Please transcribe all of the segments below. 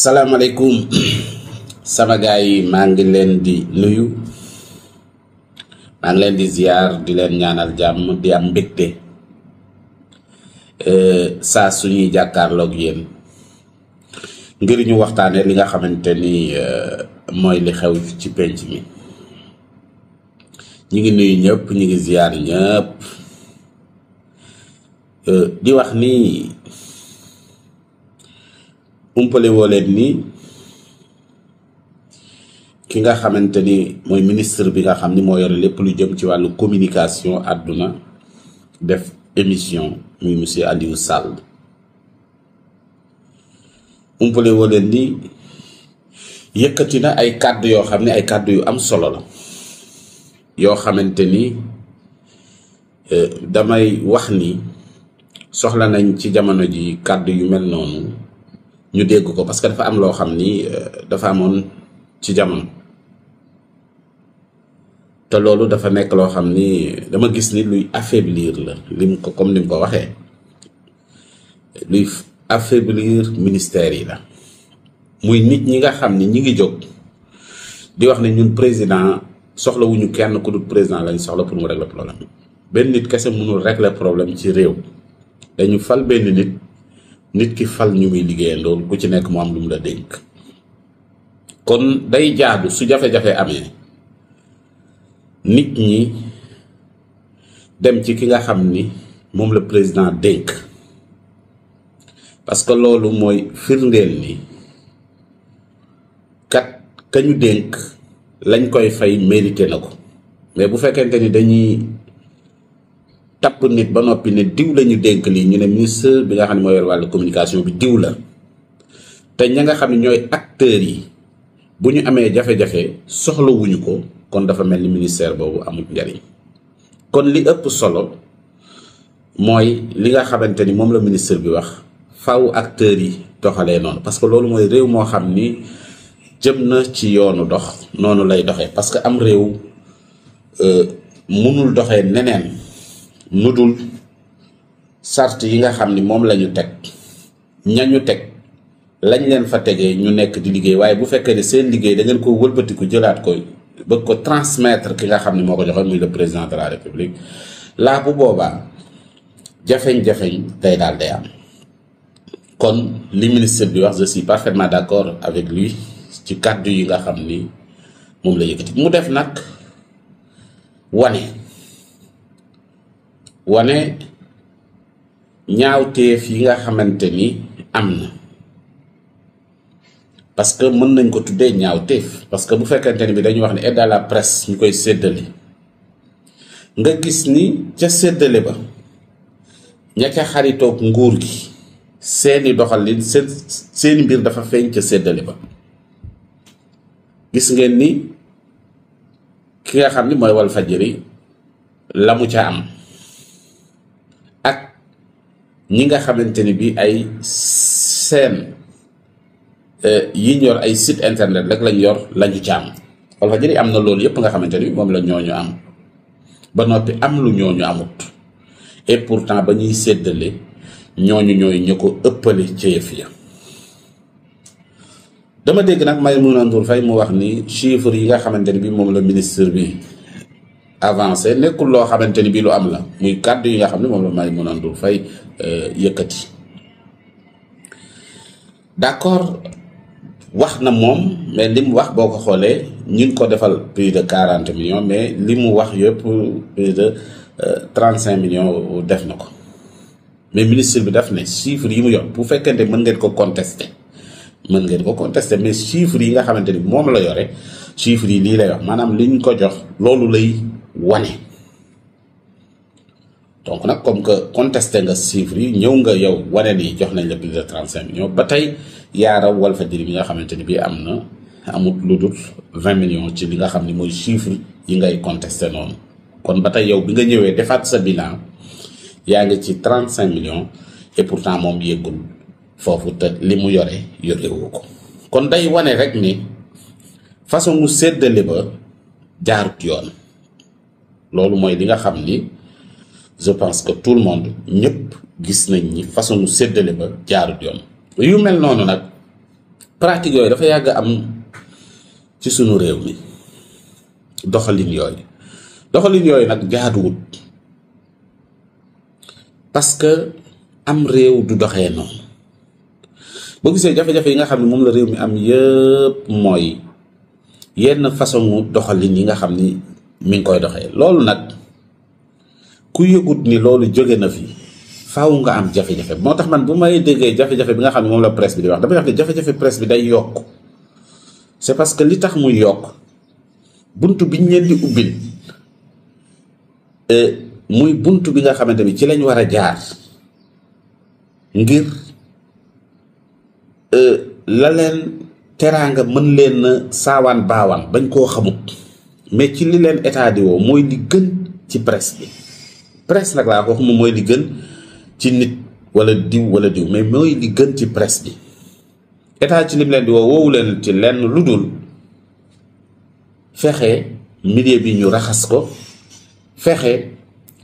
salaamaaleykum sama gaay yi maa ngi leen di nuyu maa ngi leen di ziar di leen ñaanal jàmm di am mbégte euh, saa suñuy jàkkaarloog yéen ngir ñu waxtaanee li nga xamante ni euh, mooy li xew ci penc mi ñu ngi nuyu ñëpp ñu ngi ziar ñëpp euh, di wax ni. umpale woo leen nii ki nga xamante ni mooy ministre bi nga xam ni moo yore lépp lu jëm ci wàllu communication àdduna def émission muy monsieur Aliou Sall umpale woo leen ni yëkkati na ay kàddu yoo xam ne ay kàddu yu am solo la yoo xamante ni eh, damay wax ni soxla nañ ci jamono ji kàddu yu mel noonu ñu dégg ko parce que dafa am loo xam ni euh, dafa amoon ci jamono te loolu dafa nekk loo xam ni dama gis ni luy affaiblir la lim ko comme ni ko waxee luy affaiblir ministère yi la muy nit ñi nga xam ni ñi ngi jóg di wax ne ñun président soxlawuñu kenn ku dul président lañ soxla pour mu régler problème benn nit kese mënul régler problème ci réew dañu fal benn nit nit ki fal ñu muy liggéeya ku ci nekk mu am lu mu la dénk kon day jaadu su jafe-jafe amee nit ñi dem ci ki nga xam ni moom la président dénk parce que loolu mooy firndeel ni kat ka ñu dénk lañ koy fay mérité na ko mais bu fekkente ni dañuy tapp nit ba noppi ne diw la ñu dénk lii ñu ne ministre bi nga xam ne moo yor wàllu communication bi diw la te ña nga xam ne ñooy acteurs yi bu ñu amee jafe-jafe soxlawuñu ko kon dafa mel ni ministère boobu amul njariñ kon li ëpp solo mooy li nga xamante ni moom la ministre bi wax faw acteurs yi doxalee noonu parce que loolu mooy réew moo xam ni jëm na ci yoonu dox noonu lay doxee parce que am réew euh, mënul doxee neneen lu dul sart yi nga xam ni moom lañu teg ñañu teg lañ leen fa tegee ñu nekk di liggéey waaye bu fekkee ne seen liggéey da ngeen ko wëlbatiku jëlaat ko bëgg ko transmettre ki nga xam ne moo ko joxe muy le président de la république laa bu boobaa jafeñ-jafeñ tey daal de am kon li ministre bi wax je suis parfaitement d'accord avec lui ci kàddu yi nga xam ni moom la yëkkati mu def nag wane wane ñaaw teef yi nga xamante ni am na parce que mën nañ ko tuddee ñaawteef parce que bu fekkente ni bi dañu wax ne aide à la presse ñu koy séddale nga gis ni ca séddale ba ña ca xaritoog nguur gi seeni doxalin seen seeni mbir dafa feeñ ca séddale ba gis ngeen ni ki nga xam ni mooy Walfadjri la mu ca am ak ñi nga xamante ni bi ay seen euh, yi ñu yor ay site internet rek lañ yor lañu ci am Walfadjri am na loolu yëpp nga xamante ni moom la ñooñu am ba noppi am lu ñooñu amut et pourtant ba ñuy séddale ñooñu ñooy ñu ko ëppale ca yëf ya dama dégg nag a Ndour Faye mu wax ni chiffre yi nga xamante ni bi moom la ministre bi avancé nekkul loo xamante ni bii lu am la muy kàddu yi nga xam ne moom la may Maimouna Ndour fay euh, yëkkati d'accord wax na moom mais li mu wax boo ko xoolee ñu ko defal plus de quarante millions mais li mu wax yëpp plus de euh, trente cinq millions def na ko mais ministre bi def ne chiffre yi mu yor bu fekkente mën ngeen ko contester mën ngeen ko contester mais chiffres yi nga xamante ni moom la yore chiffres yi lii lay wax maanaam ñu ko jox loolu lay wane donc nag comme que contesté nga chiffres yi ñëw nga yow wane ni jox nañ la plus de trente cinq millions ba tey fa Walfadjri bi nga xamante ni bii am na amut lu dul vingt millions ci li nga xam ni mooy chiffre yi ngay contesté noonu kon ba tey yow bi nga ñëwee defaat sa bilan yaa ngi ci trente cinq millions et pourtant moom yëggul foofu te li mu yore yorewu ko kon day wane rek ni façon mu séddale ba jaarut yoon loolu mooy li nga xam ni je pense que tout le monde ñëpp gis nañ ni façon mu séddale ba jaarut yoon yu mel noonu nag pratique yooyu dafa yàgg am ci sunu réew mi doxalin yooyu doxalin yooyu nag jaaduwut parce que am réew du doxee noonu boo gisee jafe-jafe yi nga xam ne moom la réew mi am yëpp mooy yenn façon doxalin yi nga xam ni mi ngi koy doxee loolu nag ku yëgut ni loolu jóge na fii faaw nga am jafe-jafe tax man bu may déggee jafe bi nga xam ne moom la presse bi di wax damay wax ne jafe-jafe presse bi day yokk c'est parce que li tax muy yokk bunt bi leen di ubbil euh, muy bunt bi nga xamante ni ci lañ war a jaar ngir Euh, la leen teraanga mën leen na saawaan baawaan bañ koo xamut mais ci li leen état di woo mooy li gën ci presse bi presse nag laa ko xamul mooy li gën ci nit walla diw wala diw mais mooy li gën ci presse bi état ci lim leen di woo woowu leen ci lenn lu dul fexe milieu bi ñu raxas ko fexe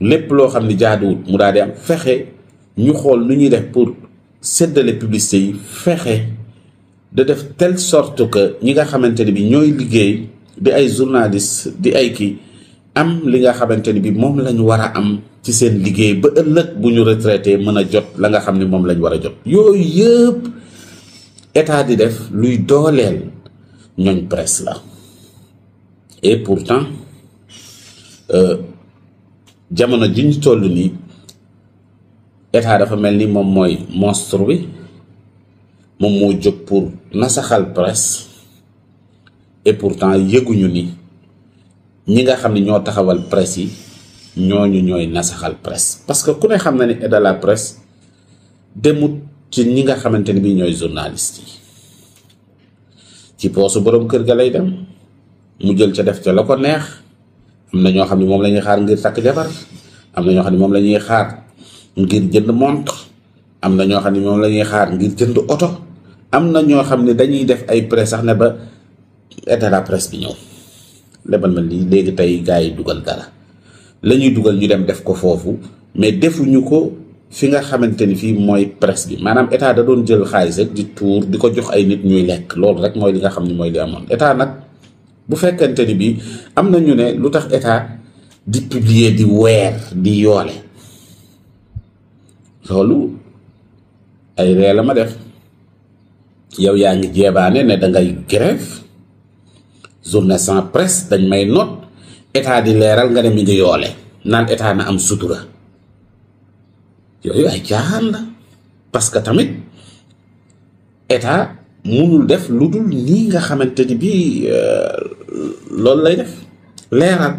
lépp loo xam ni jaaduwut mu daal di am fexe ñu xool nu ñuy def pour. séddale publicité yi fexe da def tel sorte que ñi nga xamante ne bi ñooy liggéey di ay journaliste di ay kii am li nga xamante ne bi moom lañu war a am ci seen liggéey ba ëllëg bu ñu retraité mën a jot la nga xam ne moom lañ war a jot yooyu yëpp état di def luy dooleel ñooñ presse la et pourtant euh, jamono ji ñu toll nii état dafa mel ni moom mooy monstre bi moom moo jóg pour nasaxal presse et pourtant yëguñu ni ñi nga xam ne ñoo taxawal presse yi ñooñu ñooy nasaxal presse parce que ku ne xam na ni aide à la presse demut ci ñi nga xamante ni bi ñooy journaliste yi ci poosu boroom kër ga lay dem mu jël ca def ca la ko neex am na ñoo xam ne moom la ñuy xaar ngir takk jabar am na ñoo xam ne moom la ñuy xaar ngir jënd montre am na ñoo xam ne moom lañuy xaar ngir jënd oto am na ñoo xam ne dañuy def ay prêt sax ne ba état la presse bi ñëw lebal ma lii léegi tey gars yi dugal dara la ñuy dugal ñu dem def ko foofu mais defuñu ko fi nga xamante ni fii mooy presse bi maanaam état da doon jël xaalis rek di tuur di ko jox ay nit ñuy lekk loolu rek mooy li nga xam ne mooy li amoon état nag bu fekkente ni bi am na ñu ne lu tax état di publier di weer di yoole. loolu ay ree la ma def yow yaa ngi jeebaane ne da ngay grève journée sans presse dañ may noot état di leeral nga ne mi ngi yoole naan état na am sutura yooyu ay caaxaan la parce que tamit état munul def lu dul nii nga xamante ni bii euh, loolu lay def leeral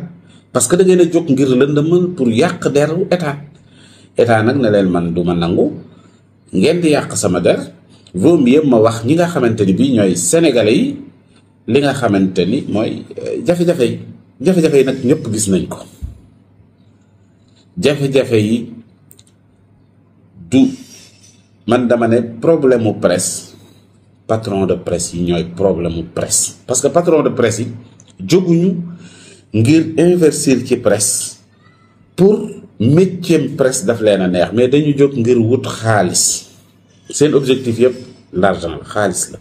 parce que da ngeen a jóg ngir lëndëmal pour yàq deru état. état nag na leen man du ma nangu ngeen di yàq sama der vaut mieux ma wax ñi nga xamante ni bii ñooy sénégalais yi li nga xamante ni mooy euh, jafe-jafe yi jafe-jafe yi nag ñëpp gis nañ ko jafe-jafe yi du man dama ne problème mu presse patron de presse yi ñooy problème mu presse parce que patron de presse yi jóguñu ngir investir ci presse pour. métier presse daf leen a neex mais dañu jóg ngir wut xaalis seen objectif yëpp l'argent la xaalis la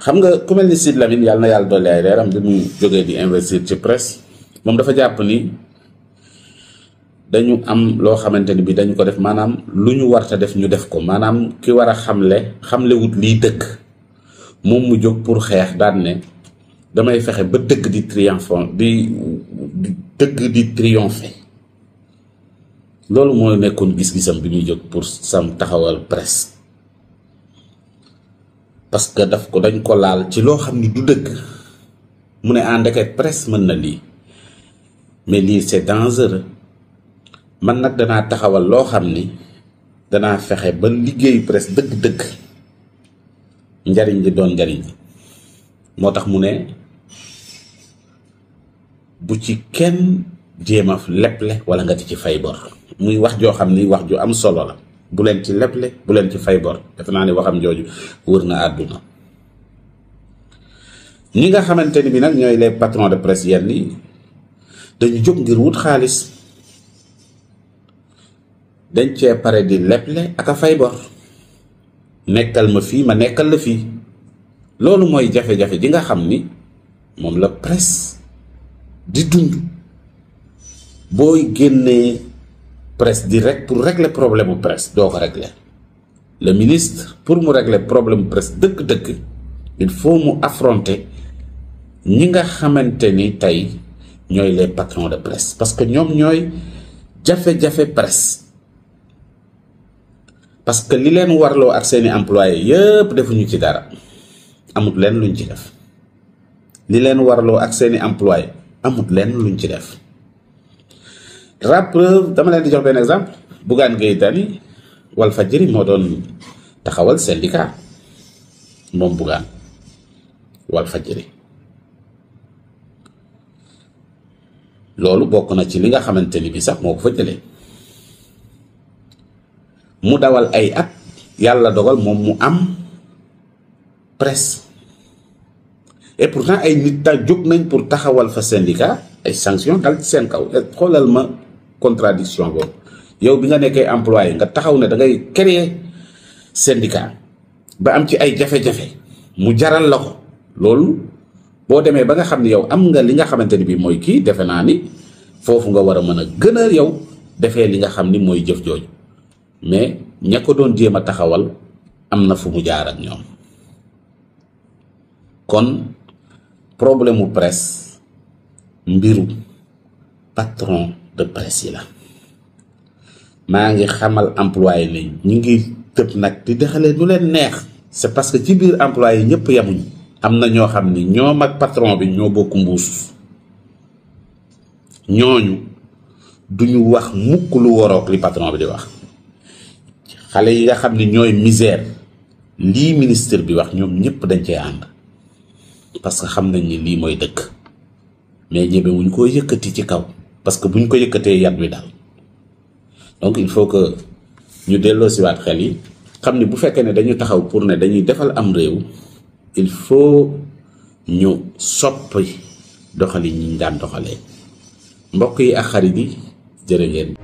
xam nga ku mel ni Sidy Lamine yàlla na yàlla doole ay reeram bi mu jógee di investir ci presse moom dafa jàpp ni dañu am loo xamante ni bi dañu ko def maanaam lu ñu warta def ñu def ko maanaam ki war a xam xamle xamlewut liy dëkk moom mu jóg pour xeex daan ne damay fexe ba dëgg di triomphant di dëgg di triompher loolu mooy nekkoon gis-gisam bi muy jóg pour sam taxawal presse parce que daf ko dañ ko laal ci loo xam ni du dëkk mu ne en ah, ndeket presse mën na lii mais lii c'est dangereux man nag danaa taxawal loo xam ni danaa fexe ba liggéeyu presse dëgg dëkk njariñ li doon njariñ li moo tax mu ne bu ci kenn jéem a leble wala nga di ci fay bor muy wax joo xam ni wax ju am solo la bu leen ci leble bu leen ci fay bor defe naa ne waxam jooju wër na àdduna ñi nga xamante ni bi nag ñooy les patrons de presse yenn yi dañu jóg ngir wut xaalis dañ cee pare di leble ak a fay bor nekkal ma fii ma nekkal la fii loolu mooy jafe-jafe ji nga xam ni moom la presse di dund booy génnee presse di rek pour régler problème mu presse doo ko régler le ministre pour mu régler problème presse dëkk dëkk il faut mu affronter ñi nga xamante ni tey ñooy les patrons de presse parce que ñoom ñooy jafe-jafe presse parce que li leen warloo ak seeni employés yépp defuñu ci dara amut lenn luñ ci def li leen warloo ak seeni employé amut leen luñ ci def la dama leen di jox benn exemple Bougane Gueye Dany jëri moo doon taxawal syndicat moom Bougane jëri loolu bokk na ci li nga xamante ni bi sax moo ko fa jëlee mu dawal ay at yàlla dogal moom mu am presse et pourtant ay nit ta jóg nañ pour taxawal fa syndicat ay sanction dal ci seen kaw xoolal ma contradiction boobu yow bi nga nekkee employé nga taxaw ne da ngay créer syndicat ba am ci ay jafe-jafe mu jaral la ko loolu boo demee ba nga xam ne yow am nga li nga xamante ni bii mooy kii defe naa ni foofu nga war a mën a gën a yow defee li nga xam ni mooy jëf jooju mais ña doon jéem a taxawal am na fu mu jaar ak ñoom. kon problème mu presse mbiru patron de presse yi la maa ngi xamal employé ne ñu ngi tëb nag di dexalee nu leen neex c'est parce que ci biir employé yi ñëpp yemuñu am na ñoo xam ne ñoom ak patron bi ñoo bokk mbuus ñooñu duñu wax mukk lu woroog li patron bi di wax xale yi nga xam ni ñooy misère lii ministre bi wax ñoom ñëpp dañ cee ànd parce que xam nañ ni lii mooy dëkk mais ñebe wuñ koo yëkkati ci kaw parce que ñu ko yëkkatee yat wi daal donc il faut que ñu delloo si delloosiwaat xel yi xam ni bu fekkee ne dañu taxaw pour ne dañuy defal am réew il faut ñu soppi doxali ñi ñu daan doxalee mbokk yi ak xarit yi jërë